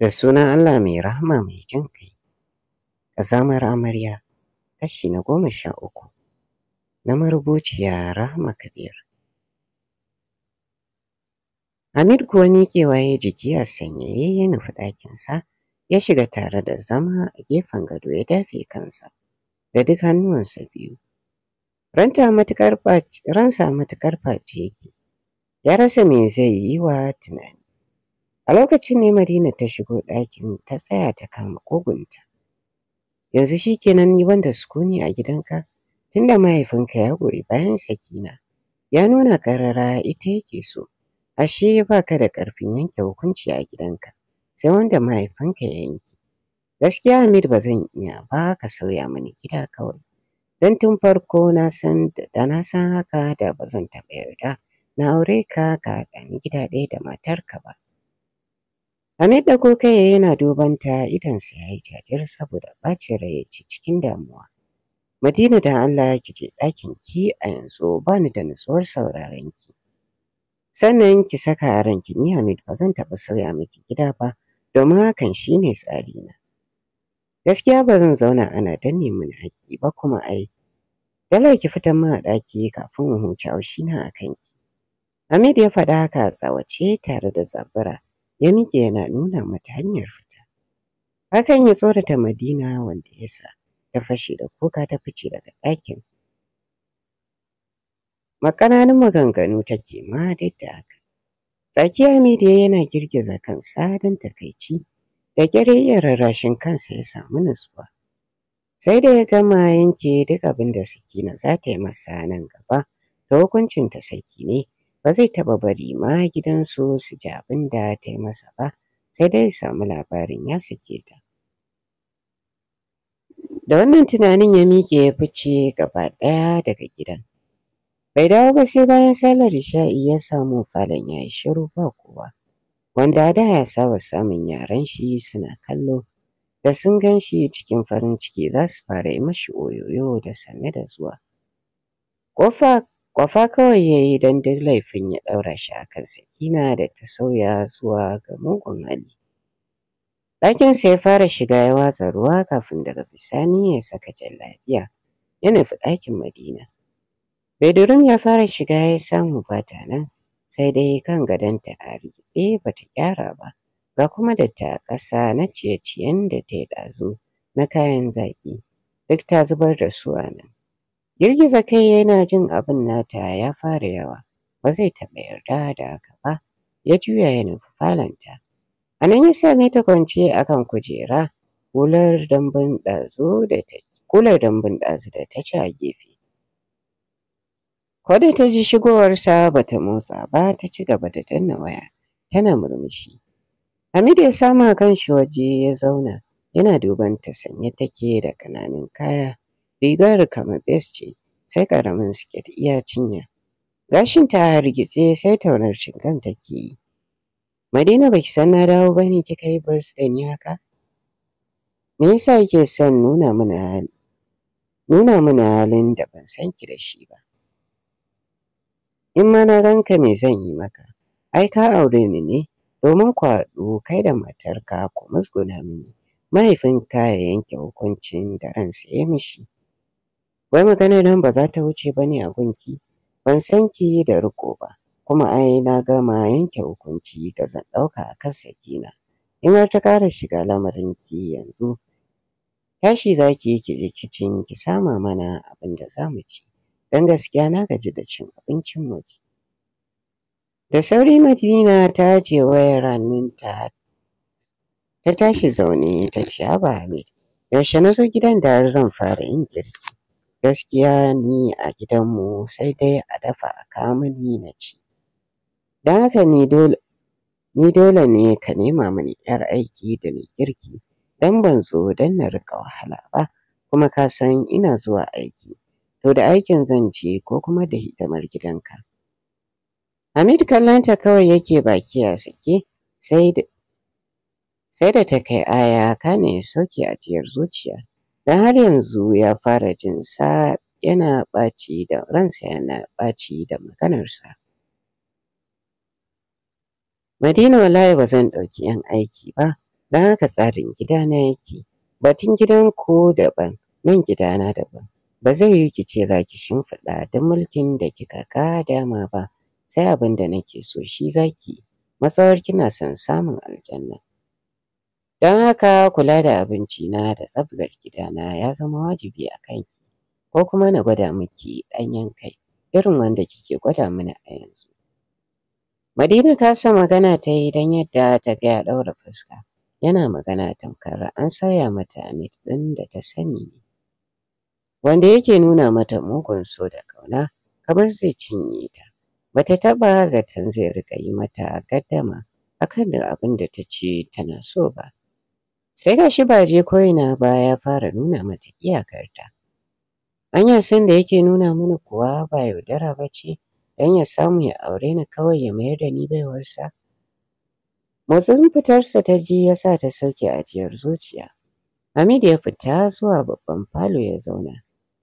da suna Allah mai rahama mai jin kai. Ƙazamar amarya kashi na goma sha uku na marubuciya Rahama Kabir. Hamid kuwa miƙewa ya jiki a sanyaye ya nufi ɗakinsa ya shiga tare da zama a gefen gado ya dafe kansa da duk hannuwansa biyu. ransa matuƙar face yake, ya rasa me zai yi wa tunani. A lokacin ne Madina ta shigo ɗakin ta tsaya ta kama kogunta. Yanzu shi kenan ni wanda banda sukuni a gidanka tunda mahaifinka ya goyi bayan sakina. Ya nuna ƙarara ita yake so. Ashe ba ka da ƙarfin yanke hukunci a gidanka sai wanda mahaifinka ya yanke. Gaskiya Hamid ba zan iya ba ka sauya mani gida kawai. Don tun farko na san da na san haka da ba zan taɓa yarda na aure ka ka haɗa ni gida ɗaya da matarka ba. Hamid da ko yana duban ta idansa ya yi jajir saboda bacin rai ya ci cikin damuwa. Madina da Allah ki je ɗakin ki a yanzu ba ni da nutsuwar sauraron ki. Sannan ki saka a ranki ni Hamid ba zan taɓa sauya miki gida ba domin hakan shi ne na. Gaskiya ba zan zauna ana danne mini haƙƙi ba kuma ai. Dala ki fitan min a ɗaki kafin in huce haushina a kanki. Hamid ya faɗa haka tsawace tare da zabura. ya miƙe yana nuna mata hanyar fita. Hakan ya tsorata Madina wanda ya sa ta fashe da kuka ta fice daga ɗakin. Makananin maganganu take ma duk da haka. Tsakiya Hamidu yana girgiza kansa don takaici da kyare iya rarrashin kansa ya samu nutsuwa. Sai da ya gama yanke duk abin da Sakina za ta yi masa nan gaba da hukuncinta saki ne ba zai taɓa bari ma gidansu su ji abin da ta yi masa ba sai dai ya samu labarin ya sake ta. Da wannan tunanin ya miƙe ya fice gaba ɗaya daga gidan. Bai dawo ba sai bayan salar shai ya samu falon ya yi shiru ba kowa, wanda da ya saba samun yaran shi suna kallo da sun gan shi cikin farin ciki za su fara yi mashi oyoyo da sanne da zuwa. Kofa. Wafa kawai ya yi don duk laifin ya ɗaura shi a kan Sakina da ta sauya zuwa ga mugun hali. Ɗakinsa ya fara shiga ya watsa ruwa kafin daga bisani ya saka jan lafiya, ya nufi ɗakin Madina. Bedurum ya fara shiga ya samu fata nan sai dai kan gadonta a rigitse bata ta gyara ba ga kuma da ta ƙasa na ciye-ciyen da ta yi ɗazu na kayan zaƙi duk ta zubar da su a nan. girgiza kai yana jin abin nata ya fara yawa ba zai taɓa yarda da haka ba ya juya ya nufi falonta. a nan ya same ta kwance a kan kujera kular dambun ɗazu da ta ci a gefe Kwada ta ji shigowarsa ba ta motsa ba ta ci gaba da danna waya tana murmushi Hamidu ya sama kan shi waje ya zauna yana duban ta sanye take da kananan kaya rigar bes ce sai ƙaramin siket iya cinya gashin ta hargitse sai taunar shinkan ke yi madina baki san na dawo bane kika yi birthday ne haka me yasa yake son nuna mana hali nuna mana halin da ban san ki da shi ba in ma na ranka me zan yi maka ai ka aure ni ne domin ku haɗu kai da matarka ku musguna mini mahaifin ka ya yanke hukuncin da ransa ya mishi wai maganar nan ba za ta wuce ba ne a gunki ban san ki da riko ba kuma ai na gama yanke hukunci da zan ɗauka a kan sakina in har ta ƙara shiga lamarin ki yanzu tashi za ki yi ki je kicin ki sama mana abin da za mu ci don gaskiya na gaji da cin abincin waje da sauri madina ta je wayar hannunta ta tashi zaune ta ce haba yaushe na zo gidan da har zan fara yin girki Gaskiya ni a gidanmu sai dai a dafa a kawo mini na ci. Don haka ni dole ni dole ne ka nema mini 'yar aiki da mai kirki, don ban zo don na rika wahala ba kuma ka san ina zuwa aiki. To da aikin zan je ko kuma da hidimar gidanka. Hamid kallonta kawai yake baki ya sake sai da sai da ta kai aya kana ya sauke ajiyar zuciya. da har yanzu ya fara jin sa yana ɓaci da ransa yana ɓaci da maganarsa. Madina wallahi ba zan ɗauki 'yan aiki ba, don haka tsarin gidana yake, batun gidan ko daban, nan na daban. Ba zai yi ki ce za ki shimfiɗa da mulkin da kika ga dama ba, sai abinda da nake so shi za ki, matsawar kina son samun aljanna. Don haka kula da abinci na da tsabgar gidana ya zama wajibi a kanki, ko kuma na gwada miki ɗanyen kai irin wanda kike gwada mana a yanzu. Madina kasa magana ta yi don yadda ta gaya ɗaura fuska, yana magana tamkar an saya mata amit ɗin da ta sani ne, wanda yake nuna mata mugun so da ƙauna kamar zai cinye ta. ta taɓa zaton zai riƙa yi mata gaddama akan da abin da ta ce tana so ba. Sai ga shi baje koina ba ya fara nuna mata iyakarta. Anya san da yake nuna mana kuwa ba yaudara ba ce don ya samu ya aure ni kawai ya mayar da ni baiwarsa. Motsin fitarsa ta ji ya sa ta sauke ajiyar zuciya. Hamidu ya fita zuwa babban falo ya zauna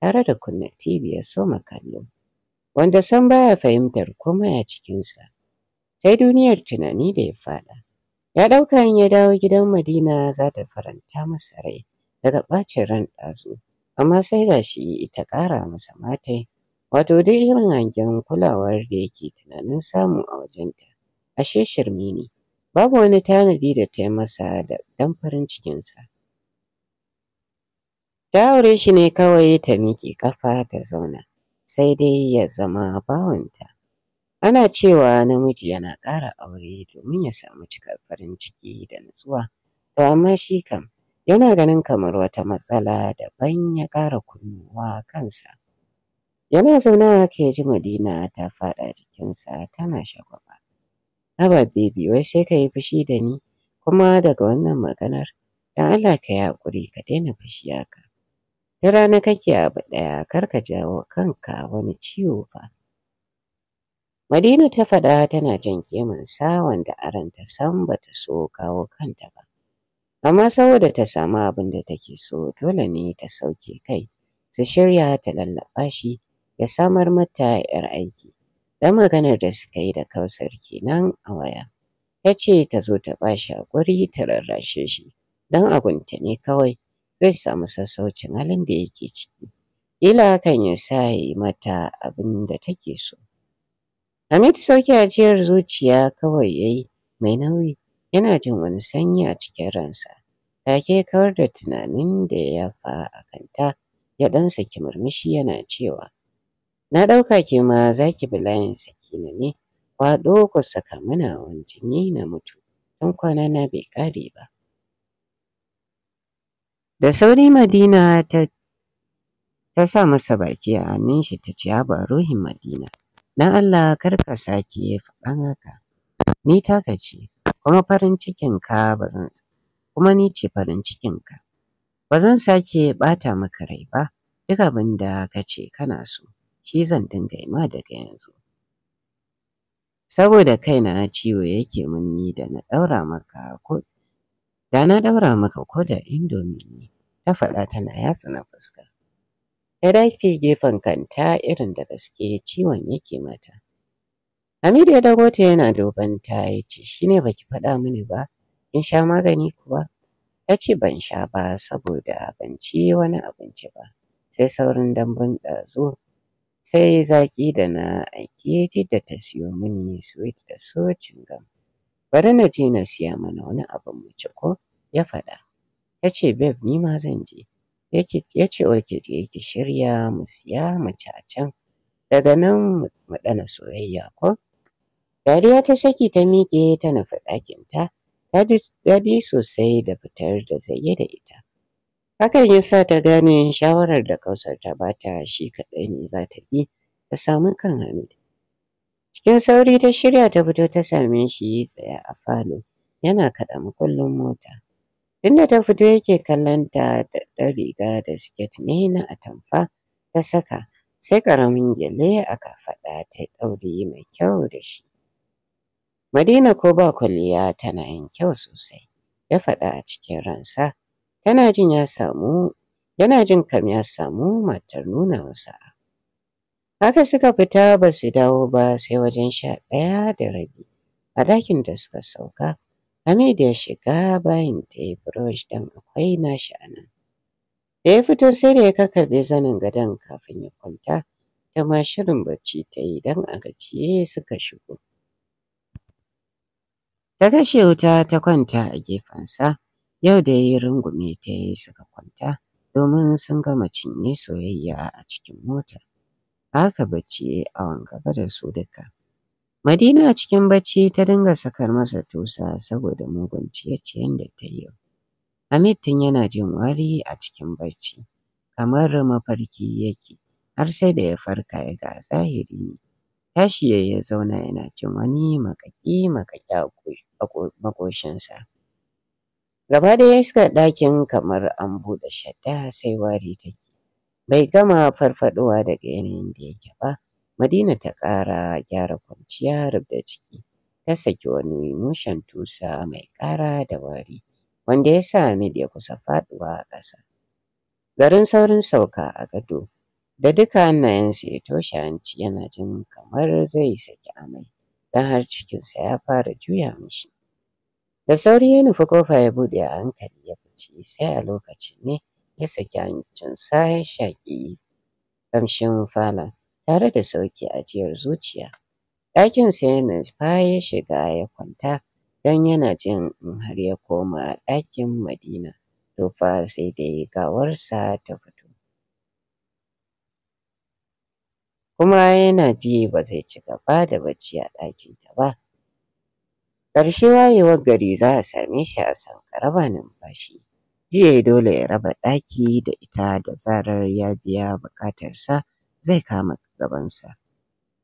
tare da kunna TV ya soma kallo, wanda san baya fahimtar komai a cikinsa, sai duniyar tunani da ya faɗa. ya ɗauka in ya dawo gidan madina za ta faranta masa rai daga ɓacin ran ɗazu amma sai ga shi ita ƙara masa matai wato duk irin hangen kulawar da yake tunanin samu a wajenta ashe shirme ne babu wani tanadi da ta yi masa da ɗan farin cikinsa ta aure shi ne kawai ta miƙe ƙafa ta zauna sai dai ya zama bawanta Ana cewa namiji yana ƙara aure domin ya samu cikar farin ciki da nutsuwa, to amma shi kam yana ganin kamar wata matsala daban ya ƙara kunnuwa kansa. Yana zaune haka ji Madina ta faɗa jikinsa tana shagwaba. Haba bebi wai sai ka yi fushi da ni kuma daga wannan maganar don Allah ka yi haƙuri ka daina fushi haka. Ta rana kake abu ɗaya kar ka jawo kanka wani ciwo ba. Madina ta faɗa tana jan sa wanda san ba ta so kawo kanta ba. Amma saboda ta samu abin da take so dole ne ta sauke kai, su shirya ta lallaɓa shi ya samar mata 'yar aiki. Dan maganar da suka yi da kausar kenan a waya. Ta ce ta zo ta ba shi haƙuri ta rarrashe shi, don abunta ne kawai zai samu sassaucin halin da yake ciki. ila kan ya sa ya yi mata abin da take so. Hamid sauke ajiyar zuciya kawai ya yi mai nauyi yana jin wani sanyi a cikin ransa. Take kawar da tunanin da ya fa a kanta ya ɗan saki murmushi yana cewa na ɗauka ke ma za ki bi layin na ne kwaɗo ku saka mana wani jini na mutu don kwana na bai ƙare ba. Da sauri Madina ta ta sa masa baki a hannun shi ta ce haba ruhin Madina Don Allah kar ka sake faɗan haka. Ni taka ce kuma farin cikinka ba zan kuma ni ce farin cikinka. Ba zan sake ɓata maka rai ba. Duk abin da ka ce kana so shi zan dinga yi ma daga yanzu. Saboda kaina ciwo yake yi da na ɗaura maka ko da na ɗaura maka ko da indomi ne ta faɗa tana yatsa na fuska. Ya gefen kanta irin da gaske ciwon yake mata. Hamidu ya dago ta yana duban ta ya ce shi ne baki faɗa mini ba, in sha magani kuwa? Ta ce ban sha ba saboda ban ci wani abinci ba, sai saurin dambun ɗazu. Sai zaƙi da na aiki da ta siyo mini sweet da socin gam. Bari na je na siya mana wani abin mace ko? Ya faɗa. Ta ce babe ni ma zan je. ya ce wa Kirji ki shirya mu siya mu ci a can daga nan mu ɗana soyayya ko. Dariya ta saki ta miƙe ta nufi ɗakinta ta bi sosai da fitar da zaye da ita. Hakan ya sa ta gane shawarar da kausar ta bata shi kaɗai ne za ta bi ta samu kan Hamid. Cikin sauri ta shirya ta fito ta same shi tsaye a falo yana kaɗa makullin mota. inda ta fito yake kallon ta da ɗan riga da siket ne na atamfa ta saka sai ƙaramin gyale a kafaɗa ta ɗauri mai kyau da shi. Madina ko ba kwalliya tana yin kyau sosai ya faɗa a cikin ransa yana jin ya samu yana jin kam ya samu matar nuna masa. Haka suka fita ba su dawo ba sai wajen sha ɗaya da rabi a ɗakin da suka sauka Hamid ya shiga bayin ta yi brush don akwai nashi a nan. Da ya fito sai da ya kakkaɓe zanin gadon kafin ya kwanta, da ma shirin bacci ta yi don a gajiye suka shigo. Ta kashe wuta ta kwanta a gefensa, yau da ya yi rungume ta yi suka kwanta domin sun gama cinye soyayya a cikin mota. Haka bacci ya yi awon gaba da su duka. Madina a cikin bacci ta dinga sakar masa tusa saboda mugun ciye-ciyen da ta yi. Hamid tun yana jin wari a cikin bacci, kamar mafarki yake, har sai da ya farka ya ga zahiri ne. Tashi ya zauna yana jin wani makaƙi makaƙi a maƙoshinsa. Gaba ɗaya ya shiga ɗakin kamar an buɗe shadda sai wari take. Bai gama farfaɗowa daga yanayin da yake ba, Madina ta ƙara gyara kwanciyar rubda ciki, ta saki wani mushen tusa mai ƙara da wari, wanda ya sa Hamid ya kusa faɗuwa a ƙasa. Garin saurin sauka a gado, da duka hannayensa ya toshe hanci yana jin kamar zai saki amai, don har cikinsa ya fara juya mishi. Da sauri ya nufi kofa ya buɗe a hankali ya fice sai a lokacin ne ya saki hancinsa ya shaƙi ƙamshin falon. tare da a ajiyar zuciya. Ɗakinsa ya nufa ya shiga ya kwanta don yana jin in har ya koma ɗakin Madina to fa sai dai gawarsa ta fito. Kuma yana ji ba zai ci gaba da bacci a ɗakin ta ba. Ƙarshe wayewar gari za a same shi a sankara ba numfashi. Jiya dole ya raba ɗaki da ita da zarar ya biya buƙatarsa zai kama gabansa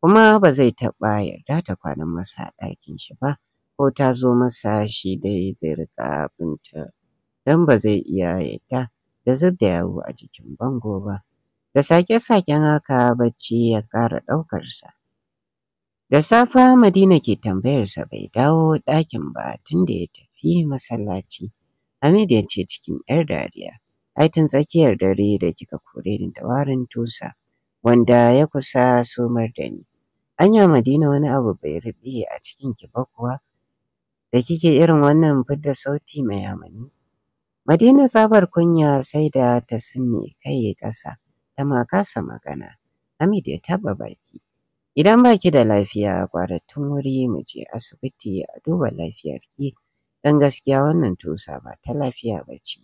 kuma ba zai taɓa yarda ta kwana masa a ɗakin shi ba ko ta zo masa shi dai zai riƙa binta don ba zai iya yarda da zub da yawo a jikin bango ba da sake-saken haka bacci ya ƙara ɗaukarsa da safa madina ke tambayarsa bai dawo ɗakin ba tun da ya tafi masallaci Hamid ya ce cikin 'yar dariya ai tun tsakiyar dare da kika kore ni da warin tusa wanda ya kusa somar da ni. Anya Madina wani abu bai ruɓe a cikin ki ba kuwa da kike irin wannan fidda sauti mai amani. Madina sabar kunya sai da ta sunne kai ƙasa ta ma kasa magana. Hamid ya taɓa baki. Idan baki da lafiya kwarattun wuri mu je asibiti a duba lafiyar ki don gaskiya wannan tusa ba ta lafiya ba ce.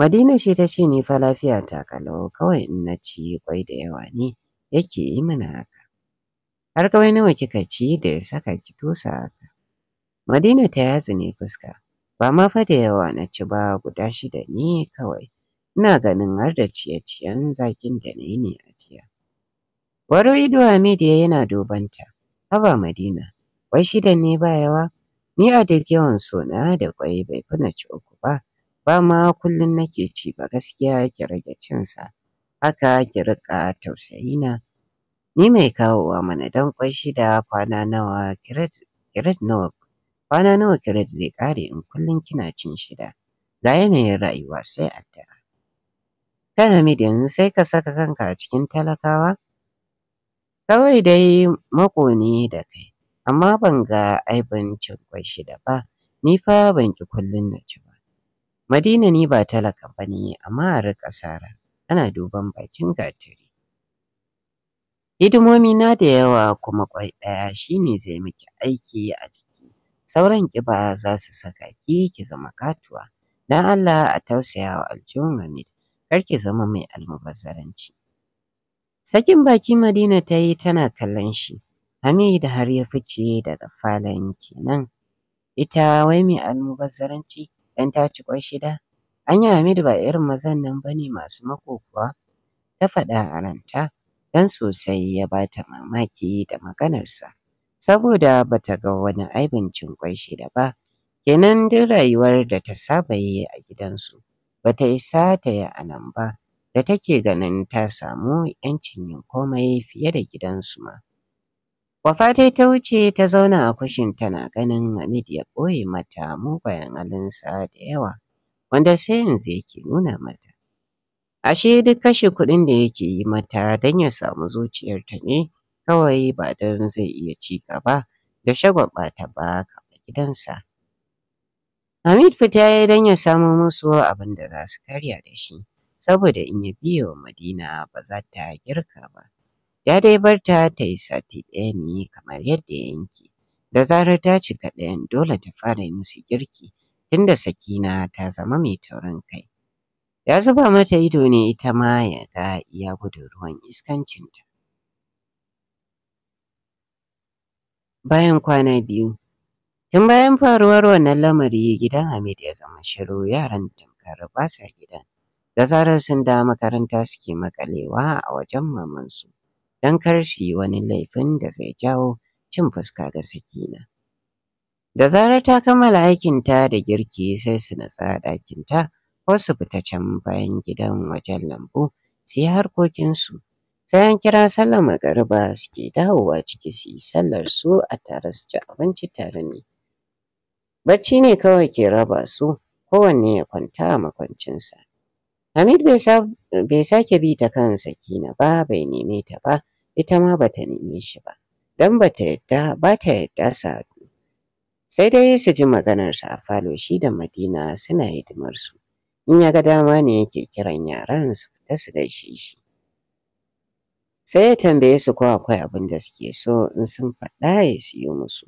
Madina shi ta ce ni fa lafiya ta kalau kawai in na ci kwai da yawa ne yake yi mana haka. Har kawai nawa kika ci da ya saka ki tusa haka. Madina ta yatsu ne fuska ba ma fa da yawa na ci ba guda shida ne kawai. Ina ganin har da ciye-ciyen zakin da na yi ne a jiya. Waro ido Hamidiya yana dubanta. Haba Madina, wai shidan ne ba yawa? Ni a duk yawan sona da kwai bai fi na ci uku ba. ba ma kullum nake ci ba gaskiya ki rage cin sa haka ki riƙa tausayi na ni mai kawowa mana dan kwai shida kwana nawa kiret nawa kwana nawa kiret zai ƙare in kullum kina cin shida ga yanayin rayuwa sai addu'a kai Hamid yanzu sai ka saka kanka a cikin talakawa kawai dai maƙoni da kai amma ban ga aibin cin kwai shida ba ni fa ban ki kullum na ci Madina ni ba talaka bane ne amma a riƙa sara ana duban bakin gatari. Hidimomi na da yawa kuma kwai ɗaya shi ne zai miki aiki a jiki sauran ƙiba za su saka ki ki zama katuwa. Don Allah a tausaya wa aljihun Hamid kar ki zama mai almubazzaranci. Sakin baki Madina ta yi tana kallon shi. Hamid har ya fice daga falon kenan. Ita wai mai almubazzaranci Idan ta ci ƙwai shida. anyi Hamidu ba irin mazan nan ba ne masu makokuwa Ta faɗa a ranta, don sosai ya ba ta mamaki da maganarsa, saboda ba ta ga wani aibin cin ƙwai shida ba. Kenan duk rayuwar da ta saba yi a gidansu, ba ta isa ta yi a nan ba, da take ganin ta samu ƴancin yin komai fiye da gidansu ma. Wafa ta ta wuce ta zauna a kushin tana ganin Hamid ya ɓoye mata mugayen halinsa da yawa wanda sai yanzu yake nuna mata. Ashe duk kashe kuɗin da yake yi mata don ya samu zuciyarta ne kawai ba don zai iya ci gaba da shagon ta ba kamar gidansa. Hamid fita ya yi don ya samo musu abin da za su karya da shi, saboda in ya biyo wa Madina ba za ta girka ba. ya dai bar ta ta yi sati ɗaya ne kamar yadda ya yanke. Da zarar ta cika ɗayan dole ta fara yi musu girki tunda Sakina ta zama mai taurin kai. Ya zuba mata ido ne ita ma ya ga iya gudun ruwan iskancinta. Bayan kwana biyu, tun bayan faruwar wannan lamari gidan Hamid ya zama shiru yaran tamkar ba gidan. Da zarar sun da makaranta suke makalewa a wajen mamansu. don kar shi wani laifin da zai jawo cin fuska ga Sakina. Da zarar ta kammala aikinta da girki sai su natsa ɗakinta ko su fita can bayan gidan wajen lambu su yi harkokinsu. Sai an kira sallar magariba suke dawowa ciki su yi sallar su a tare su ci abinci tare ne. Bacci ne kawai ke raba su kowanne ya kwanta a makwancinsa. Hamid bai sake bi ta kan Sakina ba bai neme ta ba ita ma bata nemi shi ba don bata yadda bata yadda su sai dai su ji sa a falo shi da Madina suna hidimar su in ya ga dama ne yake kiran yaran su fita su gaishe shi sai ya tambaye su ko akwai abin da suke so in sun faɗa ya siyo musu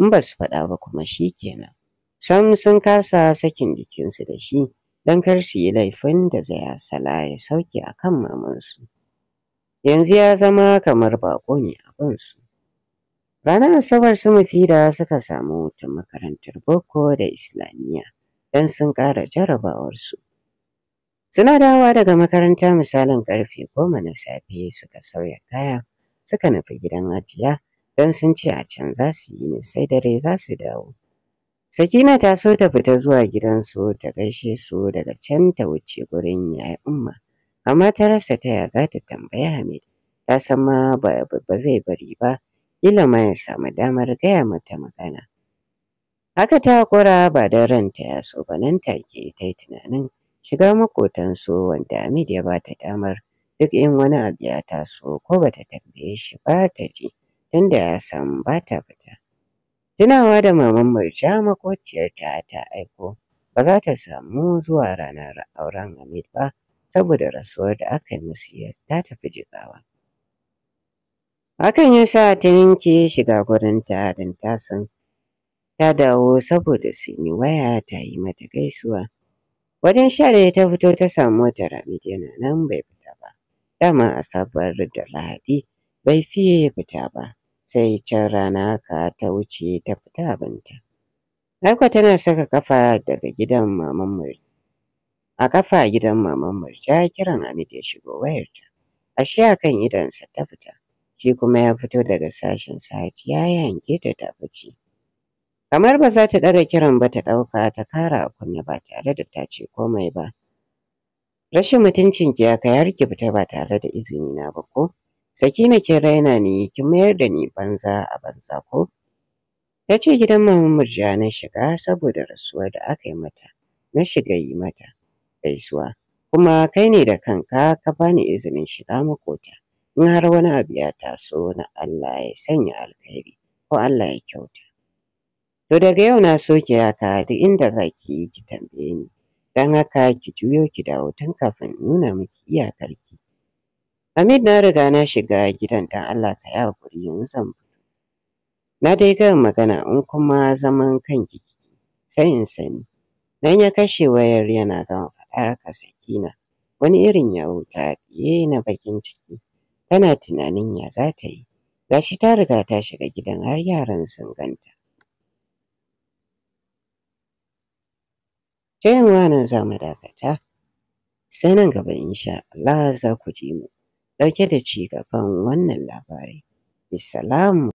in ba su faɗa ba kuma shi kenan sam sun kasa sakin jikinsu da shi don kar su yi laifin da zai hasala ya sauke a kan mamansu yanzu ya zama kamar bako ne a kansu. Ranar Asabar su mafida suka samu hutun makarantar Boko da Islamiyya don sun ƙara jarabawarsu. Suna dawa daga makaranta misalin ƙarfe goma na safe suka sauya kaya suka nufi gidan ajiya don sun ce a can za su yi ne sai dare za su dawo. Sakina ta so ta fita zuwa gidansu ta gaishe su daga can ta wuce gurin yaya umma. amma ta rasa taya za ta tambayi Hamid ta san ma ba, zai bari ba kila ma ya samu damar gaya mata magana haka ta hakura ba da ranta ya so ba nan take ta yi tunanin shiga makotansu wanda Hamid ya bata damar duk in wani abu ya taso ko bata tambaye shi ba ta ji tunda ya san ba ta fita tunawa da maman murja makociyarta ta aiko ba za ta samu zuwa ranar auren Hamid ba saboda rasuwar da aka yi musu ya ta tafi jigawa. Hakan ya sa ta yanke shiga ta don ta san ta dawo saboda sun yi waya ta yi mata gaisuwa. Wajen sha ta fito ta samu wata rami yana nan bai fita ba. Dama a sabar da Lahadi bai fiye fita ba. Sai can rana ka ta wuce ta fita abinta. Aiko tana saka kafa daga gidan maman A kafa gidan maman Murja kiran Hamid ya shigo wayarta. Ashe a kan sa ta fita, shi kuma ya fito daga sashen sati ya yanke da ta fice. Kamar ba za ta ɗaga kiran ba ta ɗauka ta kara a kunne ba tare da ta ce komai ba. Rashin mutuncin ki ya kai har ki fita ba tare da izini na ba ko? Sakina ke raina ne ki mayar da ni banza a banza ko? Ta ce gidan maman Murja na shiga saboda rasuwar da aka yi mata, na shiga yi mata. gaisuwa kuma kai ne da kanka ka bani izinin shiga makota in har wani abu ya taso na Allah ya sanya alkhairi ko Allah ya kyauta to daga yau na soke ka duk inda zaki ki tambaye ni dan haka ki juyo ki dawo tun kafin nuna miki iyakarki Hamid na riga na shiga gidan dan Allah ka yi hakuri yanzu zan na dai ga magana in kuma zaman kanki kike sai in sani Nan ya kashe wayar yana gama faɗarka Sakina wani irin yawo ta haɗiye na bakin ciki tana tunanin ya za ta yi shi ta riga ta shiga gidan har yaran sun ganta. Ta yin nan za mu dakata sai nan gaba insha Allah za ku ji mu ɗauke da cigaban wannan labari. Bissalamu.